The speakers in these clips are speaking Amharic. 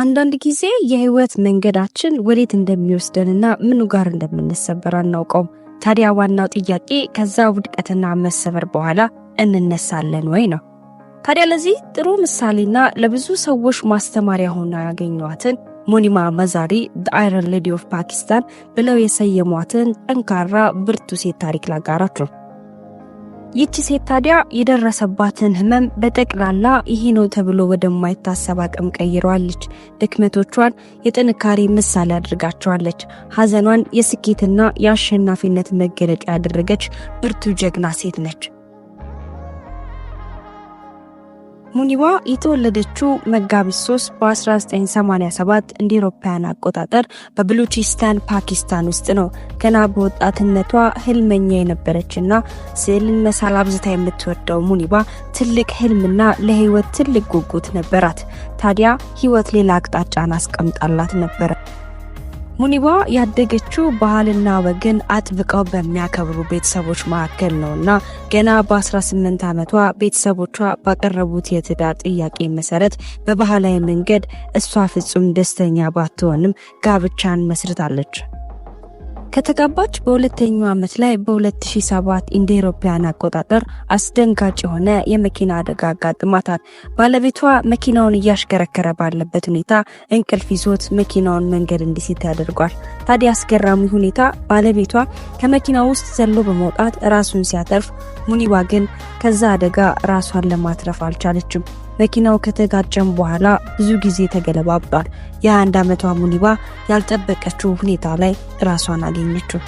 አንዳንድ ጊዜ የህይወት መንገዳችን ወዴት እንደሚወስደንና ምኑ ጋር እንደምንሰበር አናውቀውም። ታዲያ ዋናው ጥያቄ ከዛ ውድቀትና መሰበር በኋላ እንነሳለን ወይ ነው። ታዲያ ለዚህ ጥሩ ምሳሌና ለብዙ ሰዎች ማስተማሪያ ሆና ያገኘዋትን ሞኒማ መዛሪ አይረን ሌዲ ኦፍ ፓኪስታን ብለው የሰየሟትን ጠንካራ ብርቱ ሴት ታሪክ ላጋራት ነው። ይቺ ሴት ታዲያ የደረሰባትን ህመም በጠቅላላ ይሄ ነው ተብሎ ወደማይታሰብ አቅም ቀይረዋለች። ድክመቶቿን የጥንካሬ ምሳሌ አድርጋቸዋለች። ሐዘኗን የስኬትና የአሸናፊነት መገለጫ ያደረገች ብርቱ ጀግና ሴት ነች። ሙኒባ የተወለደችው መጋቢት 3 በ1987 እንደ አውሮፓውያን አቆጣጠር በብሉቺስታን ፓኪስታን ውስጥ ነው። ገና በወጣትነቷ ህልመኛ የነበረችና ስዕልን መሳል አብዝታ የምትወደው ሙኒባ ትልቅ ህልምና ለህይወት ትልቅ ጉጉት ነበራት። ታዲያ ህይወት ሌላ አቅጣጫን አስቀምጣላት ነበረ። ሙኒባ ያደገችው ባህልና ወግን አጥብቀው በሚያከብሩ ቤተሰቦች መካከል ነውና ገና በ18 ዓመቷ ቤተሰቦቿ ባቀረቡት የትዳር ጥያቄ መሰረት በባህላዊ መንገድ እሷ ፍጹም ደስተኛ ባትሆንም ጋብቻን መስርታለች። ከተጋባች በሁለተኛው ዓመት ላይ በ2007 እንደ ኢሮፓያን አቆጣጠር አስደንጋጭ የሆነ የመኪና አደጋ አጋጥሟታል። ባለቤቷ መኪናውን እያሽከረከረ ባለበት ሁኔታ እንቅልፍ ይዞት መኪናውን መንገድ እንዲስት ያደርጓል። ታዲያ አስገራሚ ሁኔታ ባለቤቷ ከመኪና ውስጥ ዘሎ በመውጣት ራሱን ሲያተርፍ ሙኒዋ ግን ከዛ አደጋ ራሷን ለማትረፍ አልቻለችም። መኪናው ከተጋጨም በኋላ ብዙ ጊዜ ተገለባብጧል። የ21 ዓመቷ ሙኒባ ያልጠበቀችው ሁኔታ ላይ ራሷን አገኘችው።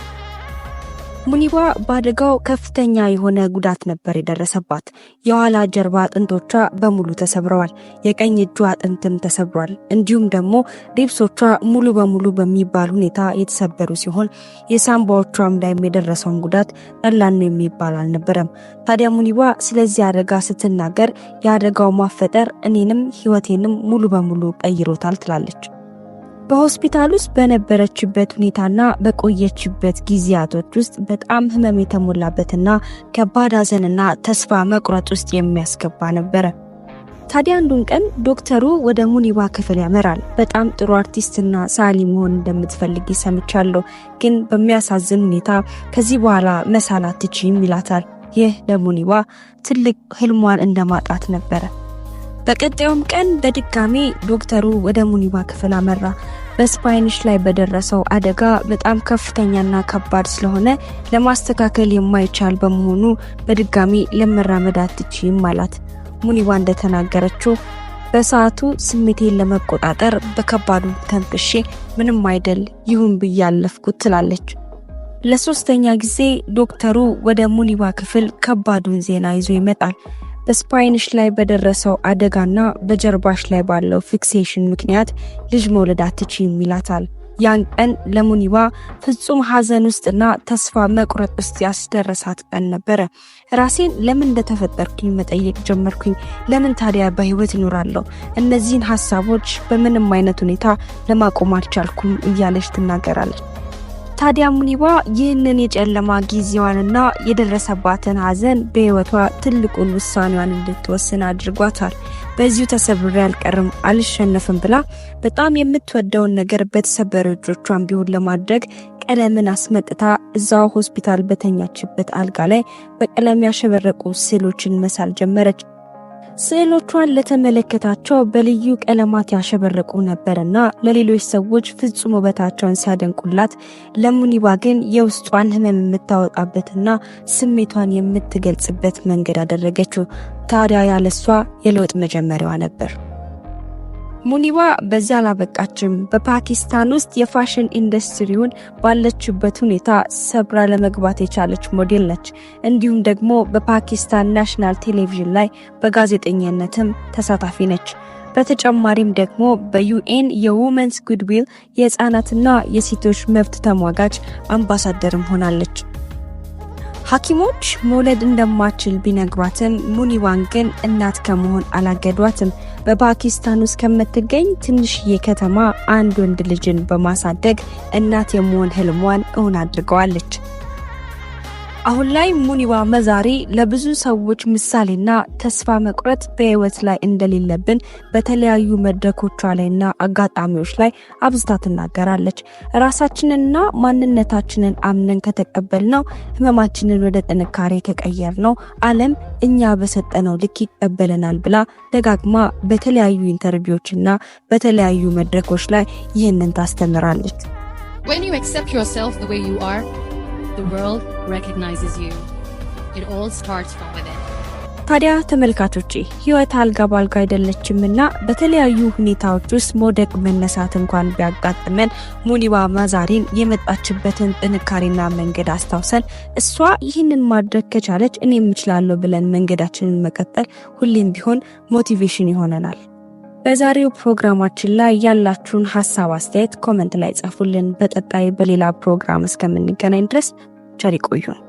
ሙኒባ በአደጋው ከፍተኛ የሆነ ጉዳት ነበር የደረሰባት። የኋላ ጀርባ አጥንቶቿ በሙሉ ተሰብረዋል። የቀኝ እጇ አጥንትም ተሰብሯል። እንዲሁም ደግሞ ሪብሶቿ ሙሉ በሙሉ በሚባል ሁኔታ የተሰበሩ ሲሆን የሳምባዎቿም ላይም የደረሰውን ጉዳት ቀላል ነው የሚባል አልነበረም። ታዲያ ሙኒባ ስለዚህ አደጋ ስትናገር የአደጋው ማፈጠር እኔንም ሕይወቴንም ሙሉ በሙሉ ቀይሮታል ትላለች። በሆስፒታል ውስጥ በነበረችበት ሁኔታና በቆየችበት ጊዜያቶች ውስጥ በጣም ህመም የተሞላበትና ከባድ ሀዘንና ተስፋ መቁረጥ ውስጥ የሚያስገባ ነበረ። ታዲያ አንዱን ቀን ዶክተሩ ወደ ሙኒባ ክፍል ያመራል። በጣም ጥሩ አርቲስትና ሳሊ መሆን እንደምትፈልግ ይሰምቻለሁ፣ ግን በሚያሳዝን ሁኔታ ከዚህ በኋላ መሳል ይላታል። ይህ ለሙኒባ ትልቅ ህልሟን እንደማጣት ነበረ። በቀጣዩም ቀን በድጋሜ ዶክተሩ ወደ ሙኒባ ክፍል አመራ። በስፓይንሽ ላይ በደረሰው አደጋ በጣም ከፍተኛና ከባድ ስለሆነ ለማስተካከል የማይቻል በመሆኑ በድጋሚ ለመራመድ አትችይም አላት። ሙኒባ እንደተናገረችው በሰዓቱ ስሜቴን ለመቆጣጠር በከባዱ ተንፍሼ ምንም አይደል ይሁን ብዬ አለፍኩት ትላለች። ለሶስተኛ ጊዜ ዶክተሩ ወደ ሙኒባ ክፍል ከባዱን ዜና ይዞ ይመጣል። በስፓይንሽ ላይ በደረሰው አደጋና በጀርባሽ ላይ ባለው ፊክሴሽን ምክንያት ልጅ መውለድ አትችይም ይላታል። ያን ቀን ለሙኒባ ፍጹም ሐዘን ውስጥና ተስፋ መቁረጥ ውስጥ ያስደረሳት ቀን ነበረ። ራሴን ለምን እንደተፈጠርኩኝ መጠየቅ ጀመርኩኝ። ለምን ታዲያ በህይወት እኖራለሁ? እነዚህን ሀሳቦች በምንም አይነት ሁኔታ ለማቆም አልቻልኩም እያለች ትናገራለች። ታዲያ ሙኒባ ይህንን የጨለማ ጊዜዋንና የደረሰባትን ሐዘን በሕይወቷ ትልቁን ውሳኔዋን እንድትወስን አድርጓታል። በዚሁ ተሰብሬ አልቀርም አልሸነፍም ብላ በጣም የምትወደውን ነገር በተሰበረ እጆቿን ቢሆን ለማድረግ ቀለምን አስመጥታ እዛው ሆስፒታል በተኛችበት አልጋ ላይ በቀለም ያሸበረቁ ስዕሎችን መሳል ጀመረች። ስዕሎቿን ለተመለከታቸው በልዩ ቀለማት ያሸበረቁ ነበርና ለሌሎች ሰዎች ፍጹም ውበታቸውን ሲያደንቁላት፣ ለሙኒባ ግን የውስጧን ህመም የምታወጣበትና ስሜቷን የምትገልጽበት መንገድ አደረገችው። ታዲያ ያለሷ የለውጥ መጀመሪያዋ ነበር። ሙኒባ በዛ አላበቃችም። በፓኪስታን ውስጥ የፋሽን ኢንዱስትሪውን ባለችበት ሁኔታ ሰብራ ለመግባት የቻለች ሞዴል ነች። እንዲሁም ደግሞ በፓኪስታን ናሽናል ቴሌቪዥን ላይ በጋዜጠኝነትም ተሳታፊ ነች። በተጨማሪም ደግሞ በዩኤን የውመንስ ጉድዊል የህፃናትና የሴቶች መብት ተሟጋች አምባሳደርም ሆናለች። ሐኪሞች መውለድ እንደማችል ቢነግሯትም ሙኒዋን ግን እናት ከመሆን አላገዷትም። በፓኪስታን ውስጥ ከምትገኝ ትንሽዬ ከተማ አንድ ወንድ ልጅን በማሳደግ እናት የመሆን ህልሟን እውን አድርገዋለች። አሁን ላይ ሙኒባ መዛሪ ለብዙ ሰዎች ምሳሌና ተስፋ መቁረጥ በህይወት ላይ እንደሌለብን በተለያዩ መድረኮቿ ላይና አጋጣሚዎች ላይ አብዝታ ትናገራለች። ራሳችንንና ማንነታችንን አምነን ከተቀበል ነው ህመማችንን ወደ ጥንካሬ ከቀየር ነው። ዓለም እኛ በሰጠነው ልክ ይቀበለናል ብላ ደጋግማ በተለያዩ ኢንተርቪዎችና በተለያዩ መድረኮች ላይ ይህንን ታስተምራለች። ታዲያ ተመልካቾች ህይወት አልጋ ባልጋ አይደለችምና በተለያዩ ሁኔታዎች ውስጥ መውደቅ መነሳት እንኳን ቢያጋጥመን ሙኒባ ማዛሪን የመጣችበትን ጥንካሬና መንገድ አስታውሰን እሷ ይህንን ማድረግ ከቻለች እኔም እችላለሁ ብለን መንገዳችንን መቀጠል ሁሌም ቢሆን ሞቲቬሽን ይሆነናል። በዛሬው ፕሮግራማችን ላይ ያላችሁን ሀሳብ፣ አስተያየት ኮመንት ላይ ጻፉልን። በቀጣይ በሌላ ፕሮግራም እስከምንገናኝ ድረስ ቸር ይቆዩን።